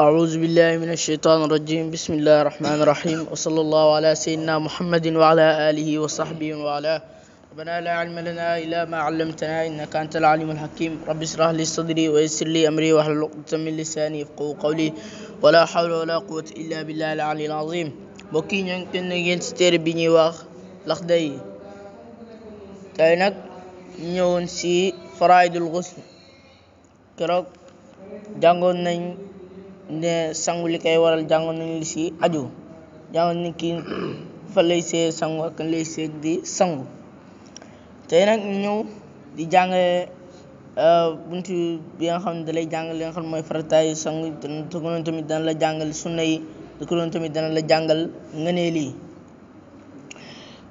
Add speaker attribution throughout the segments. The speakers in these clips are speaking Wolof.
Speaker 1: أعوذ بالله من الشيطان الرجيم بسم الله الرحمن الرحيم وصلى الله على سيدنا محمد وعلى آله وصحبه وعلى ربنا لا علم لنا إلا ما علمتنا إنك أنت العليم الحكيم رب اشرح لي صدري ويسر لي أمري واحلل عقدة من لساني يفقهوا قولي ولا حول ولا قوة إلا بالله العلي العظيم mbokk yi ñoo ngi kenn ngeen ci téere bi ñuy wax Laxday tey nag ñëwoon ci faraidul ghusl keroog jàngoon nañ ne sangu li koy waral jàngoon nañu li si aju jàngoon ni kii fa lay see sangu ak lay see di sangu tey nag ñëw di jànge euh, buntu bi nga xam ne dalay jàngal mooy farataay sangu tamit dana la jàngal sunna yi te ko tamit dana la jàngal ngëneel yi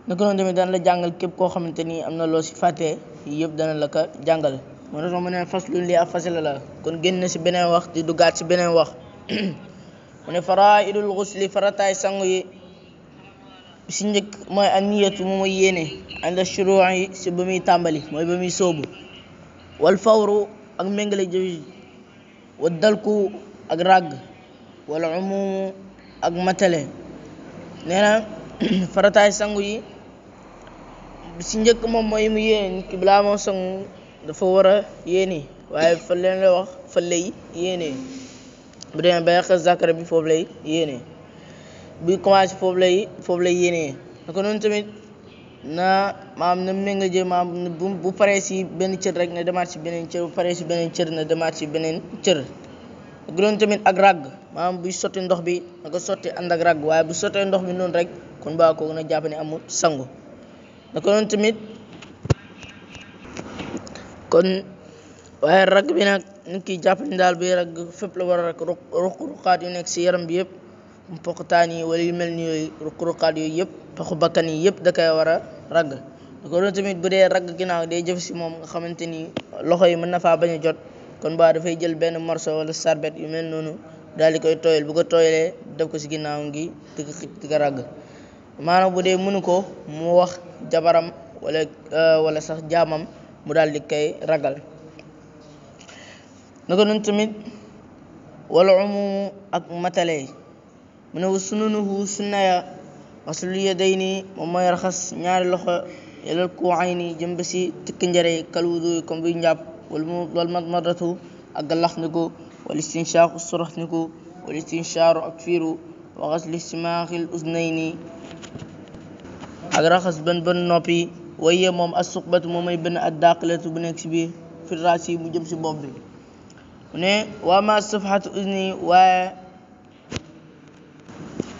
Speaker 1: naka noonu tamit dana la jàngal képp koo xamante ni am na loo si fàttee yëpp dana la ko jàngal moo tax ma ne fas lu lii ab fasila la kon génn si beneen wax di duggaat si beneen wax mu ne faraidul xusli farataay sangu yi si mooy aniyatu mu mooy yéene ànda shuruu yi si ba muy tàmbali mooy ba muy sóobu wal fawru ak méngale jëf ji wa dalku ak ràgg wala umumu ak matale nee farataay sangu yi si njëkk moom mooy mu yéene nit ki dafa war a yéene waaye fa leen bu demee ba yàq zakara bi foofu lay yéenee bu commencé foofu lay foofu lay yéenee ko noonu tamit na maam na ménga jë maam bu paree si benn cër rek na demaat si beneen cër bu si beneen cër na demaat si beneen cër naka noonu tamit ak ràgg maam buy sotti ndox bi naka sotti ànd ak ràgg waaye bu sottee ndox bi noonu rek kon baa kooku na jàpp ne amul sangu naka noonu tamit kon waaye ràgg bi nag nit ki jàpp ni daal bay rag fépp la war a rag ruq-ruqaat yu nekk si yaram bi yëpp poqtaan yi wala yu mel ni yooyu ruq-ruqaat yooyu yëpp paxu bakkan yi yëpp da koy war a ragg ko doon tamit bu dee ragg ginnaaw day jëf si moom nga xamante ni loxo yi mën na faa bañ a jot kon baa dafay jël benn morceau wala sarbet yu mel noonu daal di koy tooyal bu ko tooyalee def ko ci ginnaaw ngi di ko di ragg maanaam bu dee mënu ko mu wax jabaram wala euh, sax jaamam mu daal di koy ragal naka noonu tamit wala umumu ak matale mu ne wa sunanuhu sunnaya wasul yadayni moom raxas ñaari loxo yelal kuwayni jëm ba kal wudu comme wal mu ak galax niku wal istinshaaku surax niku wal istinshaaru ak fiiru wa xasli simaaxil uznayni ak raxas bën noppi waye moom as suqbatu moom mooy benn ad daaqilatu bu nekk si biir fi raasi mu jëm si bopp bi ne waa ma safhatu uzni waaye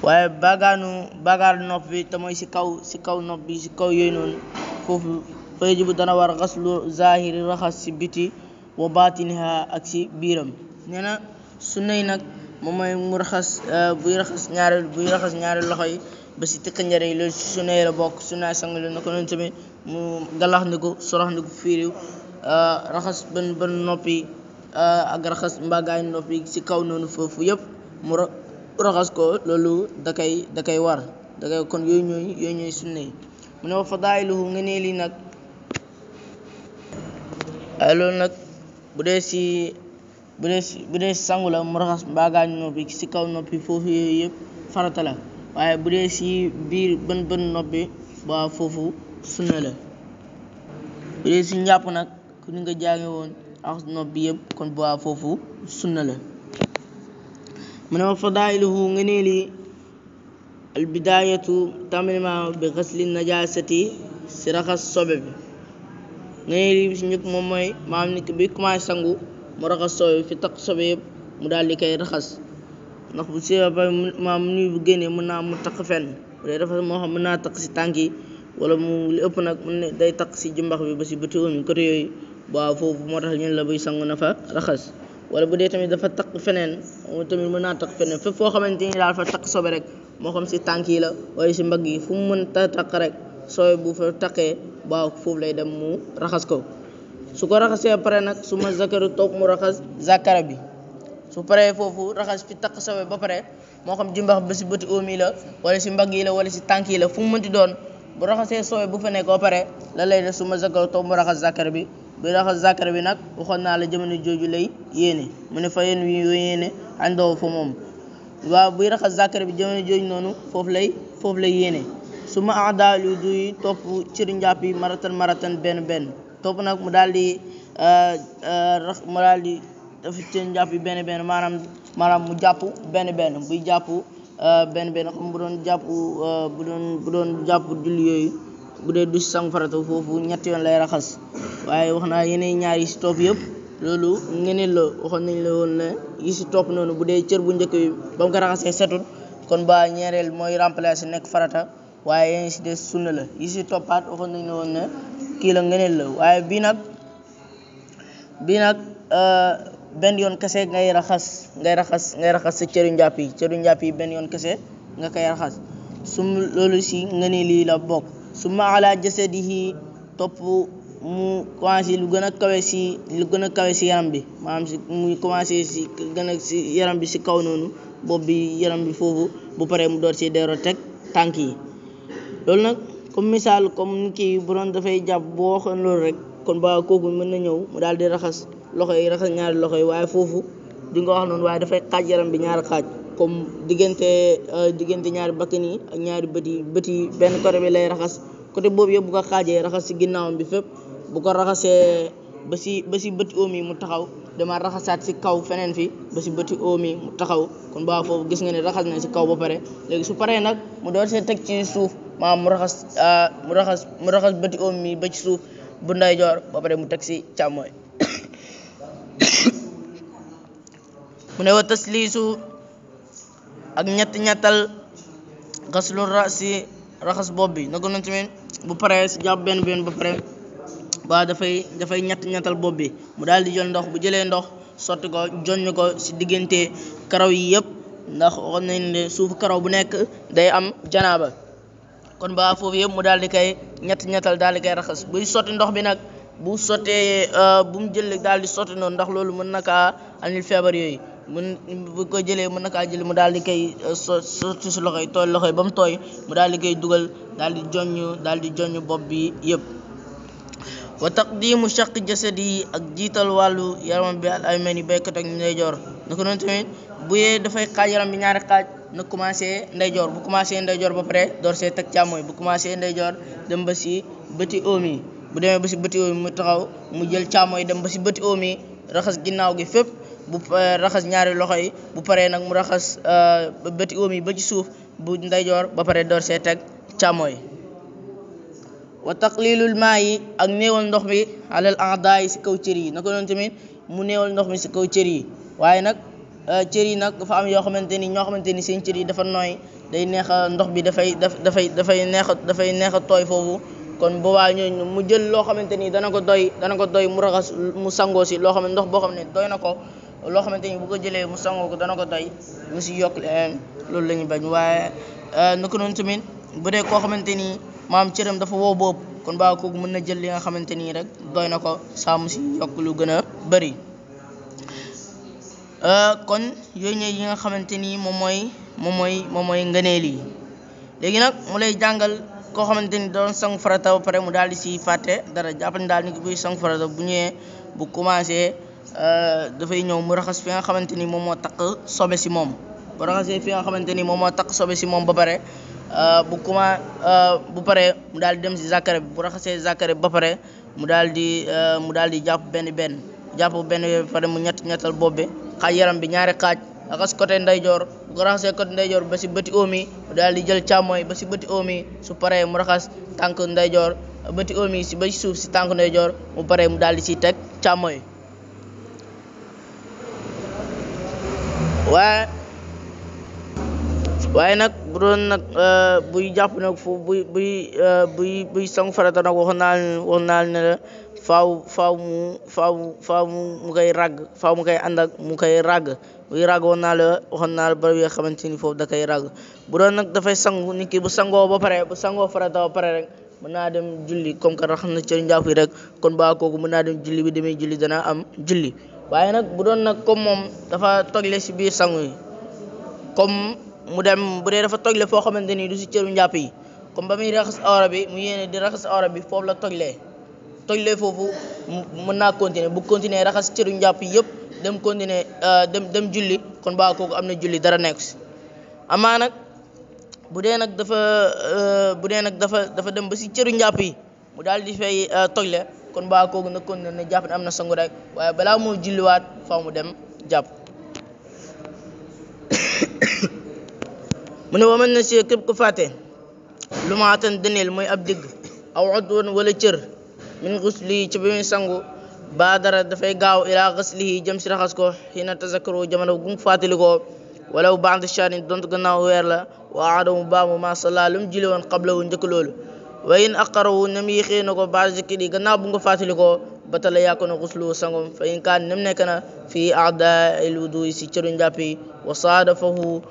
Speaker 1: waaye bagaanu bagaanu nopp bi te mooy si kaw si kaw nopp bi si kaw yooyu noonu foofu fa yajibu dana war xaslu zahiri raxas si biti wa batiniha ak si biiram nee na nag moom mooy mu raxas euh, buy raxas ñaari buy raxas ñaari loxo yi ba si tëkkanjare yi loolu si la bokk sunna sang la na ko noonu tamit mu galax ndiku sorax ndiku fiiriw euh, raxas ban ban noppi Euh, ak raxas mbaggaañ nopp ci kaw noonu foofu yëpp mu raxas ko loolu da kay war da kay kon yooyu ñooy yooyu ñooy sunna yi mu ne wa fadailuhu nga nee li nag euh, loolu nag bu dee si bu dee si bu si sangu la mu raxas mbaggaañ nopp ci kaw nopp yi foofu yooyu yëpp farata la waaye bu dee si biir bën bën nopp bi foofu sunna la bu dee si njàpp nag ku ni nga jànge woon raxas nopp bi yëpp kon bu waa foofu sunna la mu ne wa fadailuhu ngeneeli albidayatu tàmbalima bi xasli najasati si raxas sobe bi ngeneeli bi si njëkk moom mooy maam ni bi commencé sangu mu raxas sobe bi fi taq sobe yëpp mu daal di koy raxas ndax bu si ba mu ni bu génnee mën naa mu taq fenn bu dee dafa moo xam mën naa taq si tànk yi wala mu li ëpp nag mën day takk si jumbax bi ba si bëti oom côté yooyu waaw foofu moo tax ñun la buy sangu na fa raxas wala bu dee tamit dafa takk feneen tamit mën naa takk feneen fépp foo xamante ni daal fa takk sobe rek moo xam si tànk yi la wala si mbagg yi fu mu mën ta takk rek sobe bu fa takkee waaw foofu lay dem mu raxas ko su ko raxasee pare nag su ma zakaru toog mu raxas zakara bi su paree foofu raxas fi takk sobe ba pare moo xam jumbax ba si bëti oom yi si mbagg yi la wala si tànk yi la fu mu mënti doon bu raxasee sobe bu fa nekk pare la lay su ma zakaru toog mu raxas zakara bi bi raxas zakar bi nag waxoon naa la jamono jooju lay yéene mu ne fa yéen wi yéene àndoo fa moom waaw buy raxas zakar bi jamono jooju noonu foofu lay foofu lay yéene su ma ada lu duy topp ciri njàpp yi maratan maratan benn benn topp nag mu daal di euh, euh, mu daal di def ciri njàpp yi benn benn maanaam maanaam mu jàpp benn benn buy jàpp euh, benn benn xam doon jàpp bu doon bu doon jàpp julli yooyu bu dee du sang farata foofu ñett yoon lay raxas waaye wax naa yeneen ñaar yi si yëpp loolu ngeneen la waxoon nañ la woon na yi si topp noonu bu dee cër bu njëkk bi ba mu ko setut kon baa ñeereel mooy remplacer nekk farata waaye yeneen si des sunna la yi si toppaat waxoon nañu la woon na kii la ngeneen la waaye bii nag bii nag euh, benn yoon kese ngay raxas ngay raxas ngay raxas sa cëru njàpp yi cëru njàpp yi benn yoon kese nga koy raxas su loolu su summa di jasadihi topp mu commencé lu gën a kawe si lu gën a kawe si yaram bi maanaam si muy commencé si gën a si yaram bi si kaw noonu bopp bi yaram bi foofu bu paree mu door si deero teg tànk yi loolu nag comme misaal comme ni kii bu doon dafay jàpp boo waxoon loolu rek kon ba kooku mën na ñëw mu daal di raxas loxo yi raxas ñaari loxo yi waaye foofu di nga wax noonu waaye dafay xaaj yaram bi ñaari xaaj comme diggante euh, diggante ñaari bakkan yi ak ñaari bët yi bët yi benn côté bi lay raxas côté boobu yëpp bu ko xaajee raxas si ginnaawam bi fépp bu ko raxasee ba si ba si bëti oom yi mu taxaw dama raxasaat si kaw feneen fi ba si bëti oom yi mu taxaw kon ba foofu gis nga ne raxas na si kaw ba pare léegi su paree nag mu door see teg ci suuf maanaam mu raxas euh, mu raxas mu raxas bëti oom ba ci suuf bu nday joor ba pare mu teg si càmmooy mu ne wa tasliisu ak ñett ñettal xaslu rasi raxas bopp bi naka noonu tamit bu pare si jàpp benn benn ba pare waa dafay dafay ñett ñettal bopp bi mu daal di jël ndox bu jëlee ndox sotti ko jonñ ko ci diggante karaw yi yëpp ndax waxoon nañ ne suufu karaw bu nekk day am janaaba kon baa foofu yëpp mu daal di kay ñett ñettal daal di koy raxas buy sotti ndox bi nag bu sottee euh, bu mu jëlee daal di sotti noonu ndax loolu mën na kaa andil feebar yooyu. mun bu ko jëlee mën na kaa jël mu daal di koy uh, sotti si loxoy tooy yi ba mu tooy mu daal di koy dugal daal di joññ daal di joññ bopp bi yëpp di mu shaq jasadi yi ak jiital wàllu yaram bi al ayman yi baykat ak ndeyjoor naka noonu tamit bu dafay xaaj yaram bi ñaari xaaj na commencé ndeyjoor bu commencé ndeyjoor ba pare door see teg càmmooy bu commencé ndeyjoor dem ba si bëti oom yi bu demee ba si bëti oom mu taxaw mu jël càmmooy dem ba si bëti oom raxas ginnaaw gi fépp bu eh, raxas ñaari loxo yi bu paree nag mu raxas eh, bëti oom yi ba ci suuf bu ndeyjoor ba pare door see teg càmmooy wa taqlilul maa yi ak néewal ndox mi alal a'daa si kaw cër yi naka noonu tamit mu néewal ndox mi si kaw cër yi waaye nag eh, cër yi nag dafa am yoo xamante ni ñoo xamante ni seen cër yi dafa nooy day neex ndox bi dafay dafay dafay neex a dafay neex a tooy foofu kon boobaa ñooñu mu jël loo xamante ni dana ko doy dana ko doy mu raxas mu sangoo si loo xam ndox boo xam ne doy na ko loo xamante ni bu ko jëlee mu sangoo ko dana ko doy mu si yokk leneen eh, loolu lañuy bañ waaye eh, naka noonu tamit bu dee koo xamante ni maam cëram dafa woo boob kon baa kooku mën na jël li nga xamante ni rek doy na ko saa si yokk lu gën a bëri eh, kon yooyu ñooy yi nga xamante ni moom mooy moom mooy moom mooy ngëneel yi léegi nag mu lay jàngal koo xamante ni doon sang farata ba pare mu daal di si fàtte dara jàpp ni daal ni ki kuy sang farata bu ñëwee bu commencé Euh, dafay ñëw mu raxas fi nga xamante ni moom moo takk sobe si moom bu fi nga xamante ni moom moo takk sobe si moom ba pare euh, bu comment euh, bu paree mu daal di dem si zakare bi bu raxasee zakare bi ba pare mu daal di mu daal di jàpp benn benn jàpp benn ba pare mu ñett ñettal bopp bi xaaj yaram bi ñaari xaaj raxas côté ndeyjoor bu ko raxasee côté ndeyjoor ba si bëti omi yi mu daal di jël càmmooy ba si bëti oom yi su paree mu raxas tànk ndeyjoor bëti omi yi si ba si suuf si tànk ndeyjoor bu paree mu daal di siy teg càmmooy waaye waaye nag bu doon nag eh, buy jàpp nag foofu buy buy eh, buy buy sangu farata nag wax naa wax naa ne la faw mu faaw mu mu koy ràgg mu koy ànd ak mu koy ragg buy wax naa la waxoon naa la barab xamante ni foofu da koy ràgg bu doon nag dafay sangu nit ki bu sangoo ba pare bu sangoo farata ba pare rek mën naa dem julli comme que rax na ci njàpp yi rek kon ba kooku mën naa dem julli bi demee julli dana am julli waaye nag bu doon nag comme moom dafa togle si biir sangu yi comme mu dem bu dee dafa togle foo xamante ni du si cëru njàpp yi comme ba muy raxas awra bi mu yéene di raxas awra bi foofu la tojlee tojlee foofu mën naa continuer bu continuer raxas cëru njàpp yëpp dem continuer euh, dem dem julli kon baa kooku am na julli dara nekk si amaa nag bu dee nag dafa euh, bu dee nag dafa dafa dem ba si cëru njàpp yi mu daal di fay euh, tojle kon baa kooku nag kon na jàpp ne am na sangu rek waaye balaa moo julliwaat faaw mu dem jàpp mu ne waman na si képp ku fàtte lu ma atan mooy ab digg aw udwan wala cër min xuslihi ci sangu baa dara dafay gaaw ilaa xaslihi jëm si raxas ko xina tazakkaru jamono gu mu fàttali ko walaw ba'da shahrin dont gannaaw weer la wa mu baamu ma salla lu mu julli woon qablahu njëkk loolu wa in aqarawu nem yéexee na ko baada zikri gannaaw bu ko ba tala yàkko na xuslu sangom fa in kaan nem nekk na fii aada il wudu si cëru njàpp wa saadafahu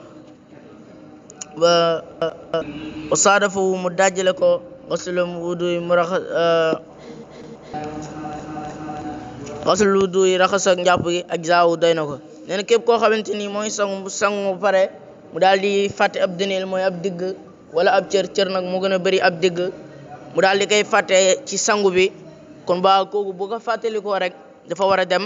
Speaker 1: wa mu dajale ko xaslum wudu yi mu rax xaslul yi ak njàpp yi na ko nee mooy sangu ba pare mu daal di fàtte ab mooy ab wala ab cër cër nag moo gën a bari ab digg mu daal di koy fàtte ci sangu bi kon baa kooku bu ko fàttalikoo rek dafa war a dem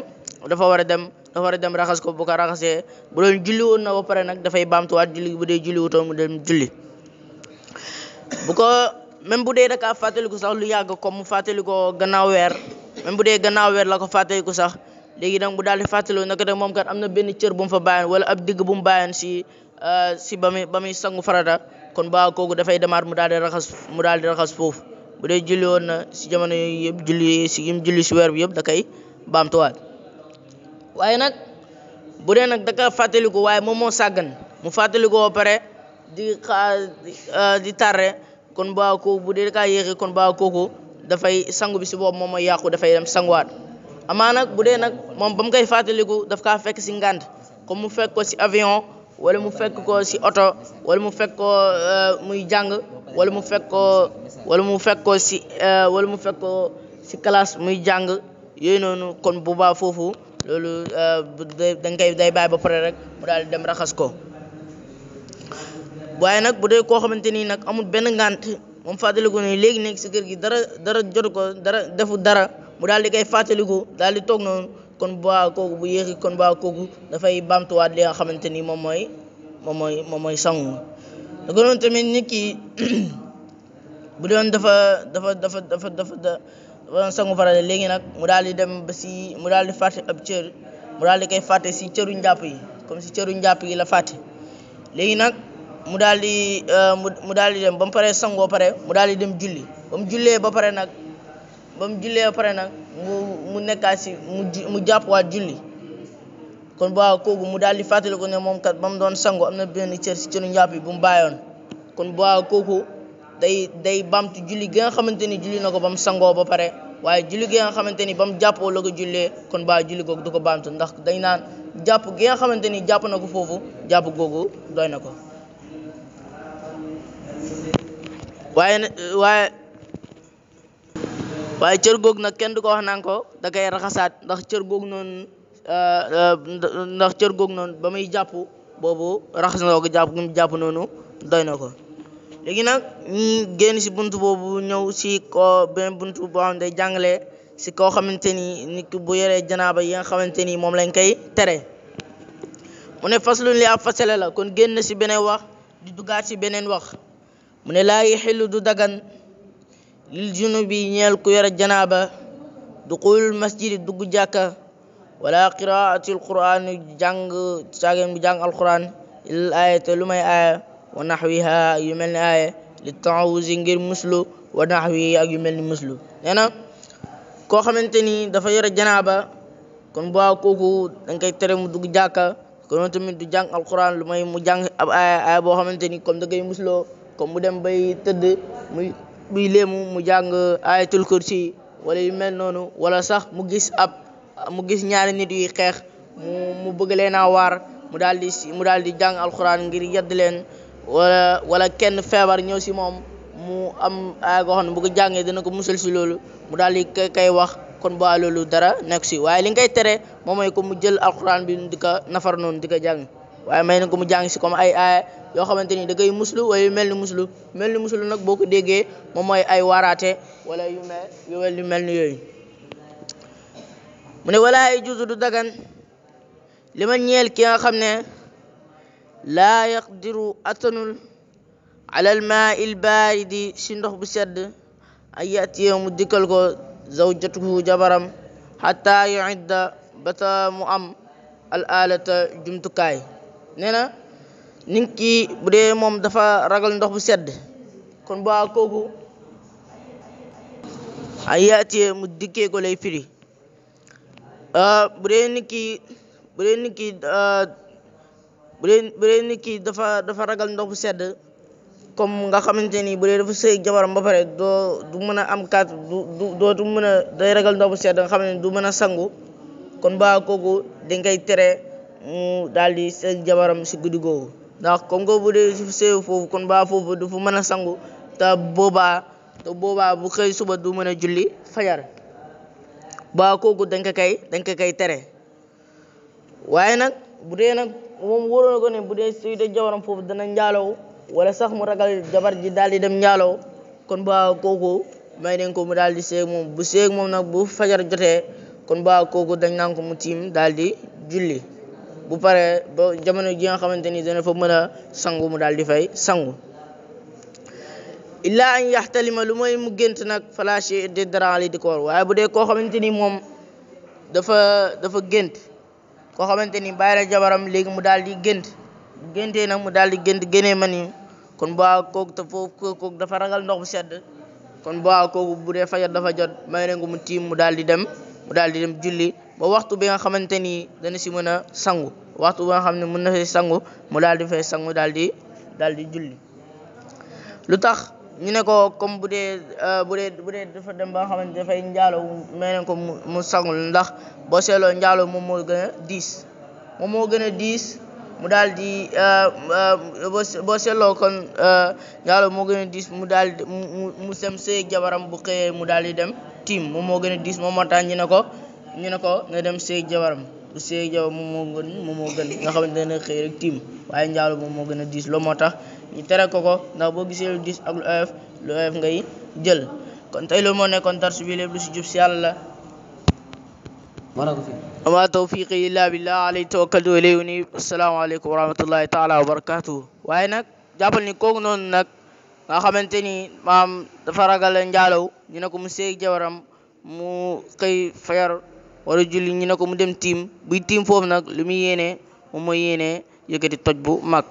Speaker 1: dafa war a dem dafa war a dem raxas ko bu ko raxasee bu doon julli woon na ba pare nag dafay baamtuwaat julli bu dee julli wutoon mu dem julli bu ko même bu dee da kaa fàttaliku sax lu yàgg comme mu fàttalikoo gannaaw weer même bu dee gannaaw weer la ko fàttaliku sax léegi nag bu daal di fàttaloo nag de moom kat am na benn cër bu mu fa bàyyoon wala ab digg bu mu bàyyoon si euh, si ba muy ba muy sangu farata kon ba kooku dafay demaat mu daal di raxas mu daal di raxas foofu bu dee julli woon na si jamono yëpp julli si yim julli si weer bi yëpp da kay baamtuwaat waaye nag bu dee nag da fàttaliku waaye moom moo sàggan mu fàttaliku ba pare di euh, di tarre kon ba bu dee da kon ba kooku dafay sangu bi si boobu moom mooy yàqu dafay dem sanguwaat amaa nag bu dee nag moom ba mu koy fàttaliku daf kaa fekk si ngànd comme mu fekk ko si avion wala mu fekk ko si oto wala mu fekk ko euh, muy jàng wala mu fekk ko wala mu fekk ko si euh, wala mu fekk ko si classe muy jàng yooyu noonu kon bu baax foofu loolu euh, dañ kay day baay ba pare rek mu daal di dem raxas ko waaye nag bu dee koo xamante nii nag amul benn ngànt moom fàttaliku ne léegi nekk si kër gi dara dara jot ko dara defu dara mu daal di koy fàttaliku daal di toog noonu kon baa kooku bu yéexi kon baa kooku dafay baamtuwaat li nga xamante ni moom mooy moom mooy moom mooy sangu da tamit nit ki bu doon dafa dafa dafa dafa dafa dafa doon sangu farale léegi nag mu daal di dem ba si mu daal di fàtte ab cër mu daal di si cëru njàpp yi comme si cëru njàpp yi la fàtte léegi nag mu daal di euh, mu daal di dem ba mu paree sangoo pare mu daal di dem julli ba mu jullee ba pare nag ba mu jullee ba pare nag mu mu nekkaat si mu jàpp waat julli kon boo kooku mu daal di fàttali ko ne moom kat ba mu doon sangu am na benn cër si cëru njàpp yi bu mu bàyyoon kon boo kooku day day bamtu julli gi nga xamante ni julli na ko ba mu sangoo ba pare waaye julli gi nga xamante ni ba mu jàppoo la ko jullee kon baa julli googu du ko bamtu ndax day naan jàpp gi nga xamante ni jàpp na ko foofu jàpp googu doy na ko waaye waaye waaye cër googu na kenn du ko wax naan ko da koy raxasaat ndax cër googu noonu euh, ndax cër goog noonu ba muy jàpp boobu raxas na ko jàpp gi mu jàpp noonu doy na ko léegi nag génn si bunt boobu ñëw si ko benn bunt boo xam ne day jàngale si koo xamante ni nit bu yoree janaaba yi nga xamante ni moom lañ koy tere mu ne fasluñ li ab fasale la kon génn si beneen wax di duggaat si beneen wax mu ne laa yi du dagan lil junubi ñeel ku yore janaaba duxulul masjidi dugg jàkka wala qiraati alquran jàng saageen bu jàng alquran illal ayata lu may aaya wa naxwiha yu mel ni aaya li ngir muslu wa naxwi ak yu mel ni muslu nee na koo xamante ni dafa yore janaaba kon bu waa kooku dañ koy tere mu dugg jàkka konoon tamit du jàng alquran lu may mu jàng ab aaya aaya boo xamante ni comme da ngay musloo mu dem bay tëdd buy léemu mu jàng ayatul si wala yu mel noonu wala sax mu gis ab mu gis ñaari nit yuy xeex mu mu bëgg leen a waar mu daal di mu daal di jàng alxuraan ngir yedd leen wala wala kenn feebar ñëw si moom mu am ay goo xam ne bu ko jàngee dana ko musal si loolu mu daal di kay wax kon ba loolu dara nekk si waaye li nga koy tere moom mooy ko mu jël alxuraan bi di ko nafar noonu di ko jàng waaye may na ko mu jàng si comme ay yoo xamante ni da koy muslu waaye mel ni muslu mel ni muslu nag boo ko déggee moom mooy ay waaraate wala yu mel yu mel ni yooyu mu ne wala ay juzu du dagan li ma ki nga xam ne laa yaqdiru atanul alal maa il baaridi si ndox bu sedd ay mu dikkal ko zawjatuhu jabaram xata yuidda bata mu am jumtukaay nee na nit ki bu dee moom dafa ragal ndox bu sedd kon ba kooku ay yaatiyee mu dikkee ko lay firi ah, bu dee nit ki bu dee nit ah, dafa dafa ragal ndox bu sedd comme nga xamante ni bu dee dafa sëy jabaram ba pare doo du mën a am kat du du dootu mën a day ragal ndox bu sedd nga xam ne du mën a sangu kon ba kooku dañ koy tere mu daal di seeg jabaram si guddi googu ndax comme que bu dee seew foofu kon baa foofu du fa mën a sangu te boobaa te boobaa bu xëy suba du mën a julli fajar baa kooku dañ ko kay dañ ko kay tere waaye nag bu dee nag moom wóoroon bu dee suy de foofu dana njaaloo wala sax mu ragal jabar ji daal di dem njaaloo kon ba kooku may nañ ko mu daal di seeg moom bu seeg moom nag bu fajar jotee kon baa kooku dañ naan ko mu tiim daal di julli bu pare ba jamono ji nga xamante ni dana fa mën a sangu mu daal di fay sangu illaa an yaxtalima lu mooy mu gént nag fala shi di dara li waaye bu dee koo xamante ni moom dafa dafa gént koo xamante ni bàyyi la jabaram léegi mu daal di gént bu géntee mu daal di gént génnee ma ni kon bu waa kooku te foofu kooku dafa ragal ndox bu sedd kon bu waa kooku bu dee fajar dafa jot may ne nga mu tiim mu daal di dem di dem julli ba waxtu bi nga xamante ni dana si mën a sangu waxtu ba xam ne mën na fay sangu mu daal di fay sangu daal di daal di julli lu tax ñu ne ko comme bu dee euh, bu dee dafa dem ba xamante dafay njaaloo mee ko mu sangul ndax boo seetloo njaaloo moom moo gën a diis moom moo gën a diis mu daal di euh, euh, boo seetloo kon njaaloo moo gën a diis mu daal di mu mu sem sëy jabaram bu xëyee mu daal di dem tiim moom moo gën a diis moom moo tax ñu ne ko ñu ne ko nga dem seeg jabaram bu seeg jabar moom moo gën moom moo gën nga xamante ne xëy rek tiim waaye njaalo moom moo gën a diis loolu moo tax ñu tere ko ko ndax boo gisee lu diis ak lu oyof lu oyof ngay jël kon xamante ni maam dafa ragal njaalo ñu ne ko mu seeg jabaram mu xëy fayar wala julli ñi ne ko mu dem tiim buy tiim foofu nag lu muy yéene moom mooy yéene yëkkati toj bu mag